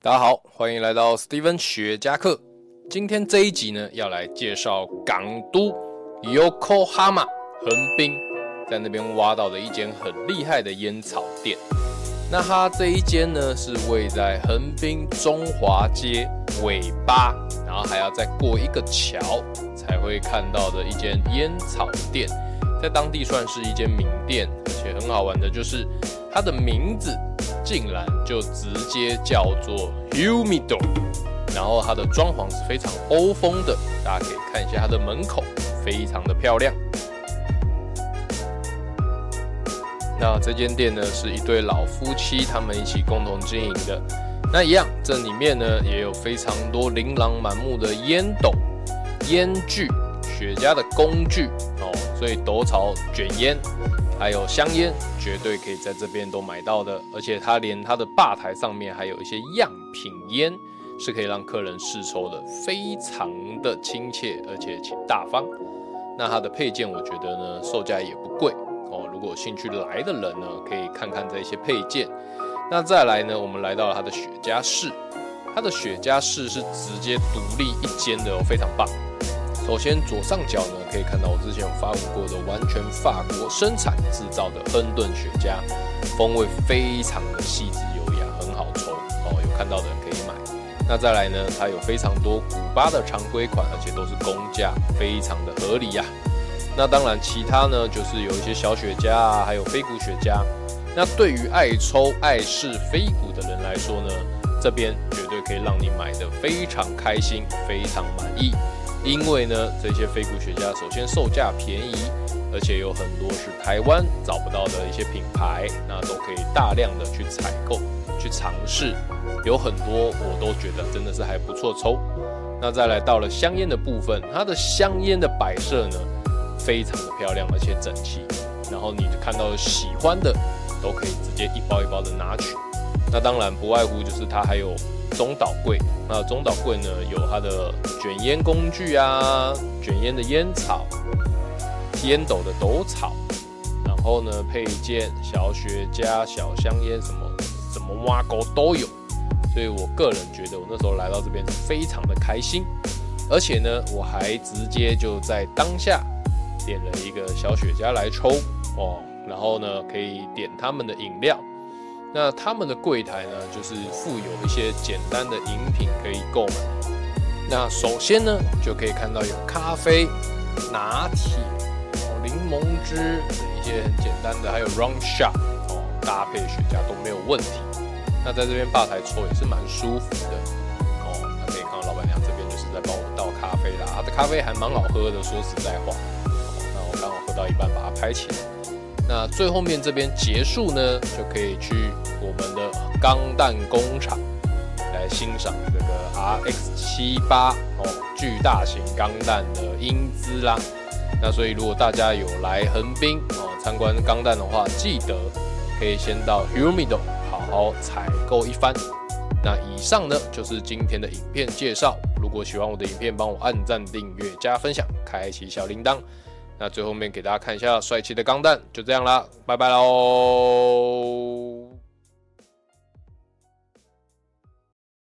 大家好，歡迎來到 Steven 雪茄客。今天這一集呢，要來介紹港都 Yokohama 橫濱，在那邊挖到的一間很厲害的煙草店。那它這一間呢，是位在橫濱中華街尾巴，然後還要再過一個橋才會看到的一間煙草店，在當地算是一間名店，而且很好玩的就是它的名字。竟然就直接叫做 Humidor，然後它的裝潢是非常歐風的，大家可以看一下它的門口，非常的漂亮。那這間店呢，是一對老夫妻，他們一起共同經營的。那一樣，這裡面呢也有非常多琳琅滿目的菸斗、菸具、雪茄的工具。所以斗草卷煙，還有香煙，絕對可以在這邊都買到的。而且它連它的吧台上面還有一些樣品煙，是可以讓客人試抽的，非常的親切，而且且大方。那它的配件，我覺得呢，售價也不貴哦。如果有興趣來的人呢，可以看看這些配件。那再來呢，我們來到了它的雪茄室，它的雪茄室是直接獨立一間的哦，非常棒。首先左上角呢，可以看到我之前有發佈過的完全法國生產製造的亨頓雪茄，風味非常的細緻優雅，很好抽哦。有看到的人可以買。那再來呢，它有非常多古巴的常規款，而且都是公價，非常的合理呀、啊。那當然，其他呢就是有一些小雪茄啊，還有非古雪茄。那對於愛抽愛試非古的人來說呢，這邊絕對可以讓你買得非常開心，非常滿意。因為呢，這些非古雪茄首先售價便宜，而且有很多是台灣找不到的一些品牌，那都可以大量的去採購、去嘗試，有很多我都覺得真的是還不錯抽。那再來到了香煙的部分，它的香煙的擺設呢非常的漂亮而且整齊，然後你看到喜歡的都可以直接一包一包的拿取。那當然不外乎就是它還有。中島櫃，那中島櫃呢有它的捲煙工具啊，捲煙的煙草，煙斗的斗草，然後呢配件、小雪茄、小香煙什麼什麼挖鈎都有，所以我個人覺得我那時候來到這邊是非常的開心，而且呢我還直接就在當下點了一個小雪茄來抽哦，然後呢可以點他們的飲料。那他們的櫃檯呢，就是附有一些簡單的飲品可以購買。那首先呢，就可以看到有咖啡、拿鐵，哦，檸檬汁，一些很簡單的，還有 round shot，哦，搭配雪茄都沒有問題。那在這邊吧台抽也是蠻舒服的，哦，那可以看到老板娘這邊就是在幫我倒咖啡啦。這咖啡還蠻好喝的，說實在話。哦，那我剛好喝到一半，把它拍起來。那最後面這邊結束呢，就可以去我們的鋼彈工廠來欣賞這個 RX-78 哦巨大型鋼彈的英姿啦。那所以如果大家有來橫濱哦參觀鋼彈的話，記得可以先到 Humidor 好好採購一番。那以上呢，就是今天的影片介紹。如果喜歡我的影片，幫我按贊、訂閱、加分享、開啟小鈴鐺。那最後面給大家看一下帥氣的鋼彈，就這樣啦，拜拜嘍。